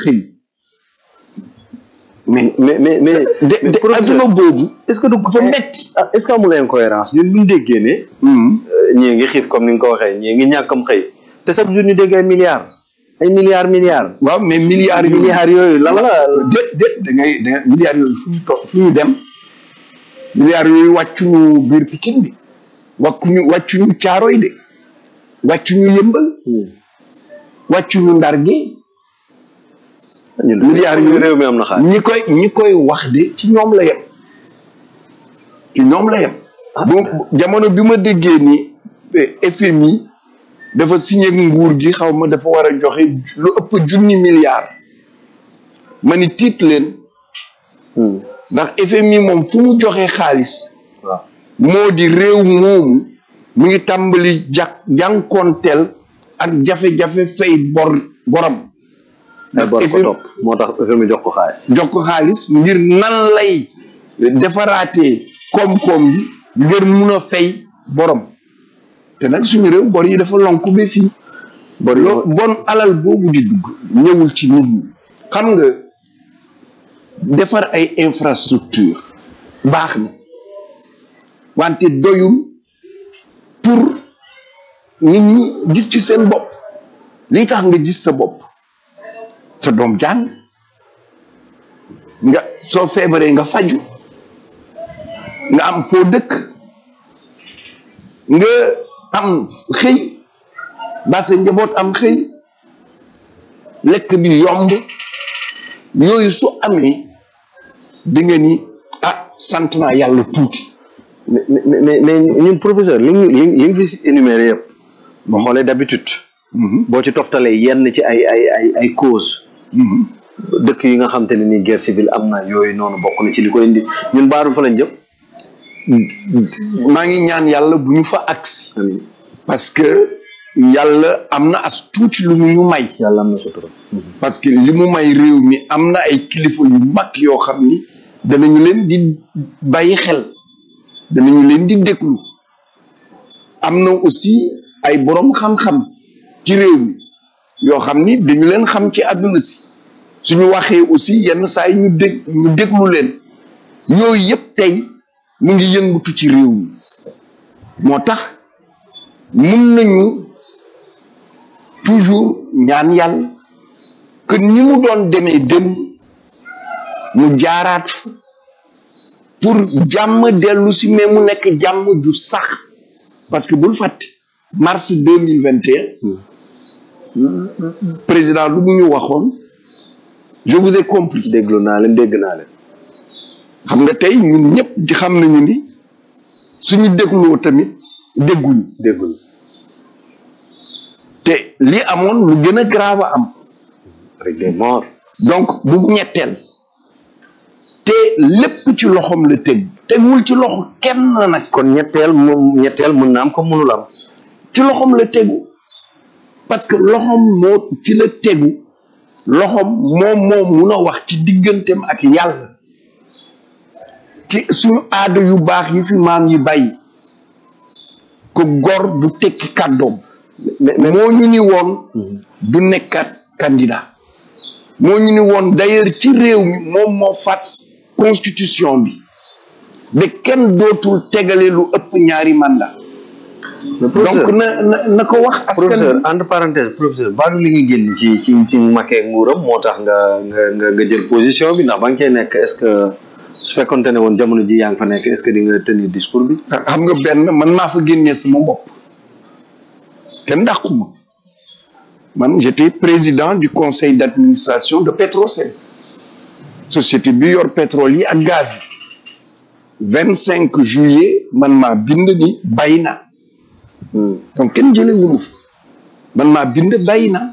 xëy. mais mais mais mais adduna boobu est-ce que dugg fa eh, metti ah, est-ce que amul incohérence ñun buñ déggee ne hmm. euh, ñii ngi xiif comme ni nga ko waxee ñii ngi ñàkkam xëy te chaque jour ñu dégg ay milliards ay milliards milliards waaw mais milliards yooyu lan la déet déet milliards yooyu fu ñu toog fu ñu dem milliards yooyu wàccuñu biir Pikine bi wàccuñu wàccuñu Caaroy de wàccuñu Yëmbal hmm. wàccuñu Ndar gi milliards yi réew mi am ñi koy ñi koy wax de ci ñoom la yem ñoom la ah. jamono bi ma déggee ni eh, FMI dafa signé nguur gi xaw ma dafa war a joxe lu ëpp junni milliards ma ni tiit leen hmm. ndax FMI moom fu mu joxe xaalis moo di réew moomu mu ngi tàmbali jàk jànkoonteel ak jafe-jafe fay bor ay bor ko topp moo tax FMI jox ko xaalis jox ngir nan lay defaraate koom-koom yi ngir mun a fay borom te nag suñu réew bor yi dafa lonk ba fii bor bon alal boobu di dugg ñëwul ci nit ñi xam nga defar ay infrastructure baax na wante doyul pour nit ñi gis ci seen bopp li tax nga gis sa bopp sa doom jàng nga soo feebaree nga faju nga am foo dëkk nga am xëy ba sa njaboot am xëy lekk bi yomb yooyu su amee di nga ni ah sant naa yàlla tuuti mais mais mais ñun professeur li li li fi énuméré yëpp ma xoolee d'habitude mm-hmm. boo ci toftalee yenn ci ay ay ay ay cause dëkk yi nga xam te ne nii guerre civile am na yooyu noonu bokk na ci li ko indi ñun baaru fa lañ jëm maa ngi ñaan yàlla bu ñu fa agsi parce que yàlla am na as tuuti lu mu ñu may yàlla am na sutura parce que li may réew mi am na ay kilifa yu mag yoo xam ni danañu leen di bàyyi xel danañu leen di déglu am na aussi ay boroom xam-xam ci réew mi yoo xam ni dañu leen xam ci àdduna si suñu waxee aussi yenn saa yi ñu dég ñu déglu leen yooyu yëpp tey mu ngi yëngutu ci réew mi moo tax mun nañu toujours ñaan yàlla que ni mu doon demee démb mu jaaraat pour jàmm dellu si mais mu nekk jàmm ju sax parce que bul fàtte mars deux mille président lu mu ñu waxoon je vous ai compris. déglu naa leen dégg naa xam nga tey ñun ñëpp di xam nañu ni suñu dégloo tamit dégguñu. dégguñu te li amoon lu gën a grave a am. avec donc bu ñetteel. te lépp ci loxoom la teg tegul ci loxo kenn nag. kon ñetteel moom ñetteel mën na ko mënul am. ci loxoom la tegu. parce que loxoom moo ci la tegu loxoom moom moo mun a wax ci digganteem ak yàlla ci su aada yu baax yi fi maam yi bàyyi ko góor du tekki kàddoom moo ñu ni woon du nekkaat candidat moo ñu ni woon d'ailleurs ci réew mi moom moo fas constitution bi de kenn dootul tegale lu ëpp ñaari mandat donc na na na ko wax. askan professeur entre parenthèse professeur li nga génn ci ci ci Macky nguuram moo tax nga nga nga jël position bi ndax ba nga cee nekk est-ce que su ne woon jamono ji yaa ngi fa nekk est-ce que di nga tenir discours bi. Ah, xam nga benn man maa fa génnee sama bopp te ndàquma man j'étais président du conseil d'administration de Petrosen société bi yor pétrole yi ak gaz yi cinq juillet man maa bind ni bay naa donc hmm. kenn jële wu ma fa man maa bind bàyyi naa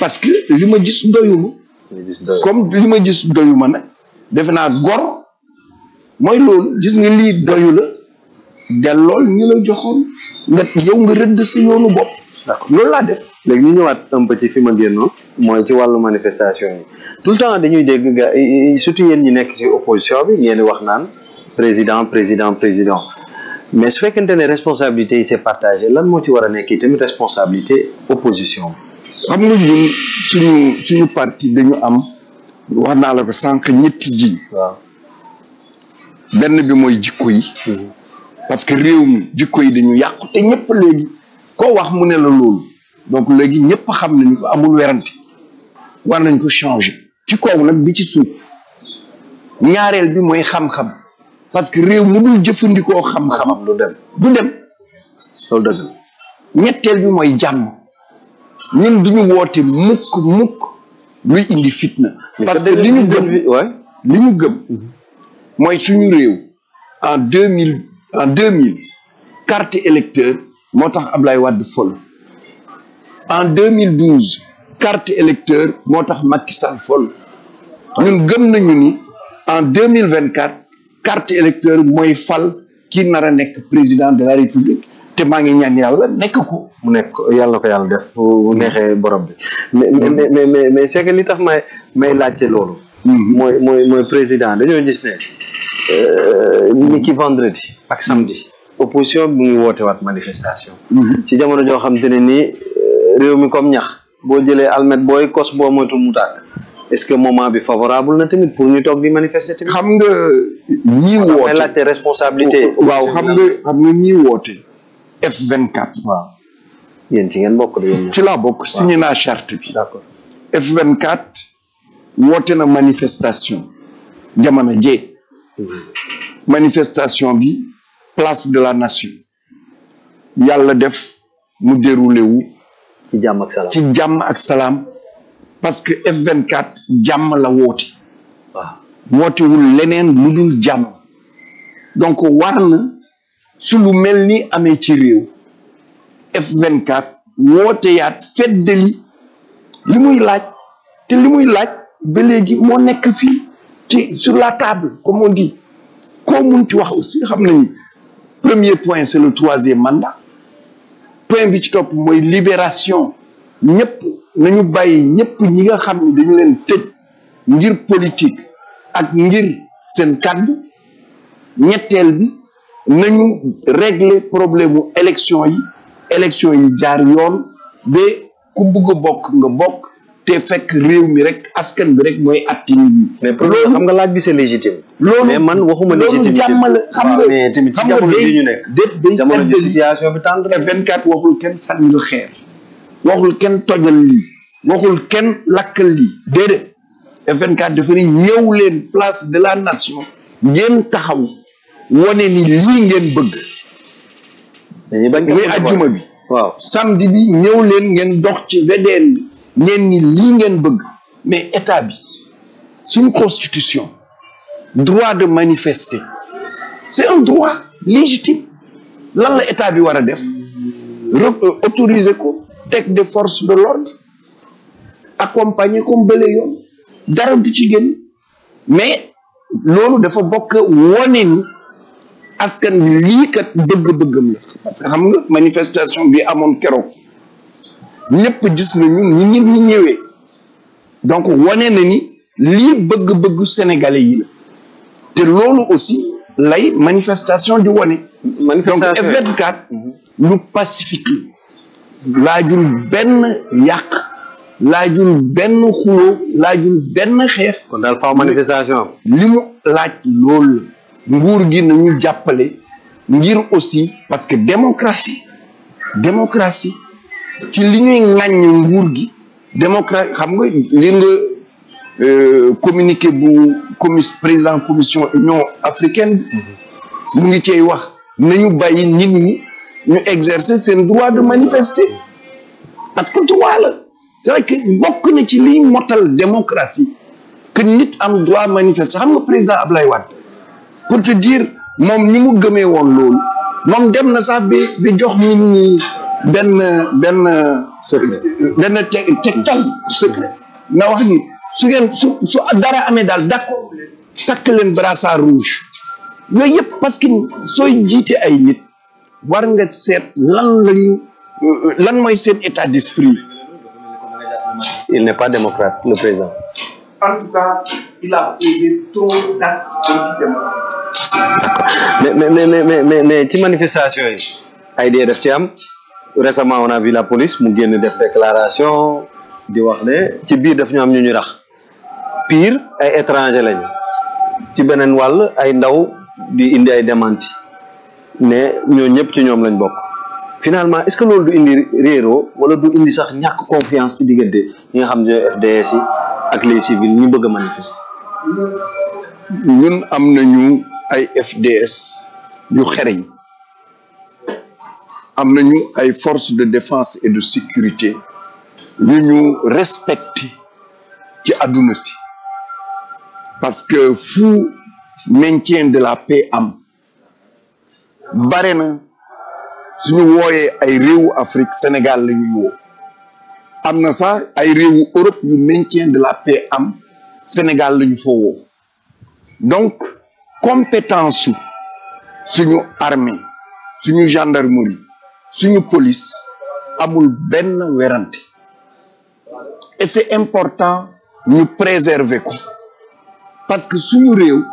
parce que li ma gis doyuma comme li ma gis doyuma nag defe naa gor mooy loolu gis nga lii doyu la lool ñu la joxoon nga yow nga rëdd sa yoonu bopp d'accord laa def léegi ñu ñëwaat un peu ci fi ma génnoon mooy ci wàllu manifestation yi tout le temps dañuy dégg ga surtout yéen ñi nekk ci opposition bi ngeen di wax naan président président président mais su fekkente ne responsabilité yi c'est partagé lan moo ci war a nekk yi tamit responsabilité opposition xam nga ñun suñu suñu parti dañu am wax naa la ko sànq ñetti jiñ waaw benn bi mooy jikko yi mhm. parce que réew mi jikko yi dañu yàqu te ñëpp léegi koo wax mu ne la loolu donc léegi ñëpp xam nañu ko amul werante war nañ ko changer ci kaw nag bi ci suuf ñaareel bi mooy xam-xam parce que réew mu dul jëfandikoo xam-xamam du dem du dem loolu dëgg ñetteel bi mooy jàmm ñun duñu woote mukk mukk luy indi fitna parce que li ñu gëm li ñu gëm mooy suñu réew en deux mille en deux carte électeur moo tax Ablaye Wade fol en deux mille douze carte électeur moo tax Macky Sall fol ñun gëm nañu ni en deux mille vingt quatre carte électeur mooy fal ki nar a nekk président de la république te maa ngi ñaan yàlla nekk ko mu nekk yàlla ko yàlla def bu neexee borom bi mm-hmm. mais mais mais mais c'est que li tax may may laajte loolu mm-hmm. mooy mooy mooy président dañoo gis ne euh, ni ki vendredi ak samedi opposition bi muy woote waat manifestation mm-hmm. ci jamono joo xam te ne nii euh, réew mi comme ñax boo jëlee almet booy kos boo moytu mu tàkk est-ce que moment bi favorable na tamit pour ñu toog di manifester tamit. xam nga ñii woote waaw xam nga xam nga woote. F24. waaw ci ngeen bokk de ci laa bokk signé naa charte bi. d'accord F24 woote na manifestation jamono jee. Mm-hmm. manifestation bi place de la nation. yàlla def mu déroulé wu. ci jàmm ak salaam. parce que F24 jàmm la woote waaw wootewul leneen lu dul jàmm donc war na su lu mel ni amee ci réew F24 woote yaat feddali li muy laaj te li muy laaj ba léegi moo nekk fii ci sur la table comme on dit koo mun ci wax aussi xam nañu premier point c'est le troisième mandat point bi ci topp mooy libération ñëpp nañu bàyyi ñëpp ñi nga xam ne dañu leen tëj ngir politique ak ngir seen kàddu ñetteel bi nañu régler problème mu élection yi élection yi jaar yoon ba ku bugg a bokk nga bokk te fekk réew mi rek askan bi rek mooy atti nit ñi. mais problème xam nga laaj bi c'est légitime. loolu mais man waxuma légitimité loolu jàmmale xam nga mais tamit ci jamono ñu nekk. jamono ji situation bi tendre. F24 waxul kenn sànni la xeer. waxul kenn tojal lii waxul kenn lakkal li déedéet F24 dafa ne ñëw leen place de la nation ngeen taxaw wone ni lii ngeen bëgg muy ajjuma bi waaw samedi bi ñëw leen ngeen dox ci VDN bi ngeen ni lii ngeen bëgg mais état bi suñu constitution droit de manifester c'est un droit légitime lan la état bi war a def euh, autoriser ko teg des force de l'ordre accompagné comme bële yoon dara du ci génn mais loolu dafa bokk wone ni askan bi lii kat dëgg-dëggam la parce que xam nga manifestation bi amoon keroog ñëpp gis nañu ñi nit ñi ñëwee donc wane na ni lii bëgg bëgg sénégalais yi la te loolu aussi lay manifestation di wane donc F24 mhm. lu pacifique laajul benn yàq laajul benn xuloo laajul benn xeex kon daal faaw manifestation li mu laaj loolu nguur gi nañu jàppale ngir aussi parce que démocratie démocratie ci li ñuy ŋàññ nguur gi démocratie xam nga li nga euh, communiqué bu commis président commission union africaine mhm. mu ngi cey wax nañu bàyyi nit ñi ñu exercer seen droit de manifester parce que droit la c'est vrai que bokk na ci liy motal démocratie que nit am droit manifester xam nga président Ablaye Wade pour te dire moom ni mu gëmee woon loolu moom dem na sax bi jox nit ñi benn benn benn te tegtal secret na wax ni su ngeen su su dara amee daal d'accord takk leen brassard rouge yooyu yëpp parce que sooy jiite ay nit war nga seet lan lañu lan mooy seen état d'esprit il n'est pas démocrate le président en mais mais mais ci manifestation yi ay dee def ci am récemment on a vu la police mu génn def déclaration di wax ci biir daf ñu am ñu ñu rax pire ay étranger lañu ci beneen wàll ay ndaw di ay démenti ne ñoo ñëpp ci ñoom lañ bokk finalement est-ce que loolu du indi réeroo wala du indi sax ñàkk confiance ci diggante ñi nga xam ne FDS yi ak les civils ñu bëgg a manifester. ñun am nañu ay FDS yu xereñ am nañu ay forces de défense et de sécurité yu ñu respecté ci àdduna si parce que fu maintien de la paix am. bare na suñu wooyee ay réewu Afrique Sénégal la ñuy am na sax ay réewu Europe yu maintien de la paix am Sénégal la ñu donc compétence su suñu armée suñu gendarmerie suñu police amul benn werante et c'est important ñu préserver ko parce que suñu réew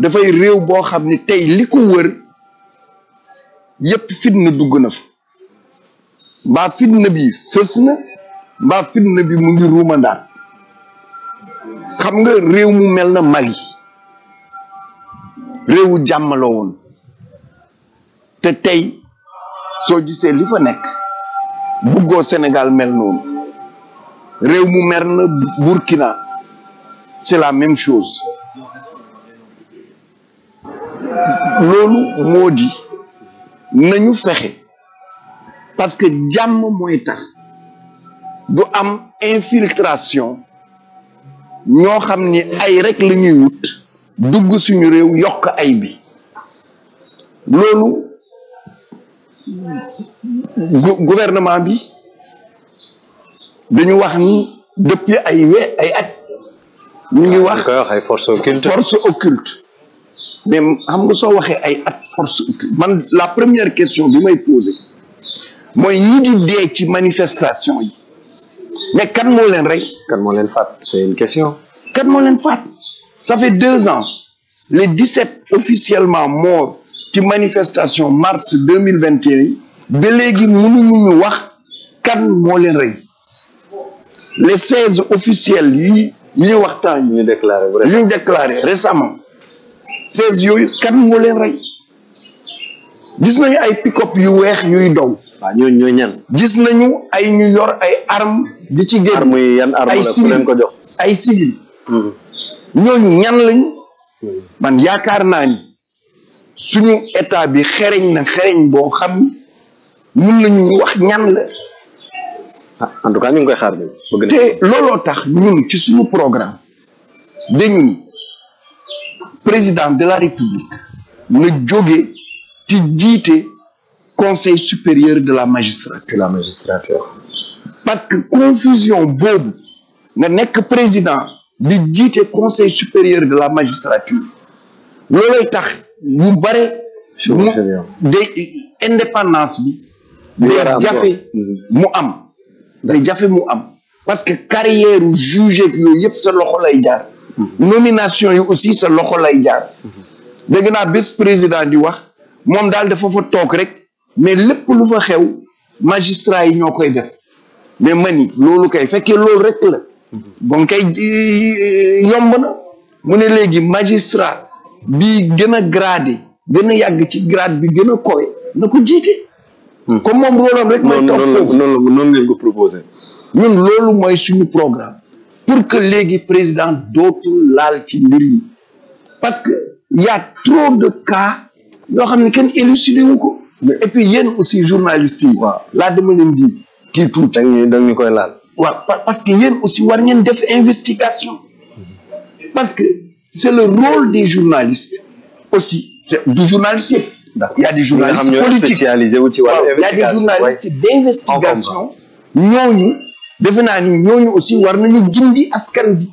dafay réew boo xam ni tey li ko wër yépp fitna dugg na fa mbaa fitna bi fës na mbaa fitna bi mu ngi ruumandaat xam nga réew mu mel na Mali réewu jàmm woon te tey soo gisee li fa nekk bëggoo Sénégal mel noonu réew mu mel na Burkina c'est la même chose loolu moo nañu fexe parce que jàmm mooy tax du am infiltration ñoo xam ni ay rek la ñuy wut dugg suñu réew yokk ay bi loolu gouvernement bi dañu wax ni depuis ay we ay at ñu ngi wax force occulte mais xam nga soo waxee ay at force man la première question bi may posé mooy ñi di dee ci manifestation yi mais kan moo leen rey. kan moo leen faat c'est une question. kan moo leen faat ça fait deux ans les dix-sept officiellement morts ci manifestation mars deux mille vingt et un ba léegi mënuñu ñu wax kan moo leen rey les seize officiels yi ñu waxtaan. ñu déclaré ñu déclaré récemment. seize yooyu kan moo leen rey gis nañu ay pick yu weex yuy daw. waaw ñan. gis nañu ay ñu yor ay arme di ci génn yi yan arme la ko jox ay civil hmm. ñooñu ñan lañu. Hmm. man yaakaar naa suñu état bi xereñ na xereñ boo xam mun nañu wax ñan la. Ah, en tout ñu ngi koy xaar te looloo tax ñun ci suñu programme dañu président de la république na jóge ti jiite conseil supérieur de la magistrature parce que confusion boobu nga nekk président di jiite conseil supérieur de la magistrature loolay tax yu bare mu day indépendance bi day jafe mhm. mu am day jafe mu am parce que carrière juge yooyu yëpp sa loxo lay jaar Mm-hmm. nomination yi aussi sa loxo lay jaar mm-hmm. dégg naa bés président di wax moom daal dafa fa toog rek mais lépp lu fa xew magistrat yi ñoo koy def mais mani loolu kay fekkee loolu rek la mm-hmm. bon kay yomb na mu ne léegi magistrat bi gën a gradé gën a yàgg ci grade bi gën a koy na ko jiite comme moom roolam rek mooy toog foofu noonu noonu loolu mooy suñu programme pour que léegi président dootul laal ci mbir yi parce que y a trop de cas yoo xam ne kenn élucidé wu ko et puis yéen aussi journalistes yi waaw laa dama leen di kii tuut da ñu koy laal waaw parce que yéen aussi war ngeen def investigation parce que c'est le rôle des journalistes aussi c'est du journaliste yëpp il y a des journalistes politiques il y a des journalistes d'investigation ñooñu defe naa ni ñooñu aussi war nañu gindi askan bi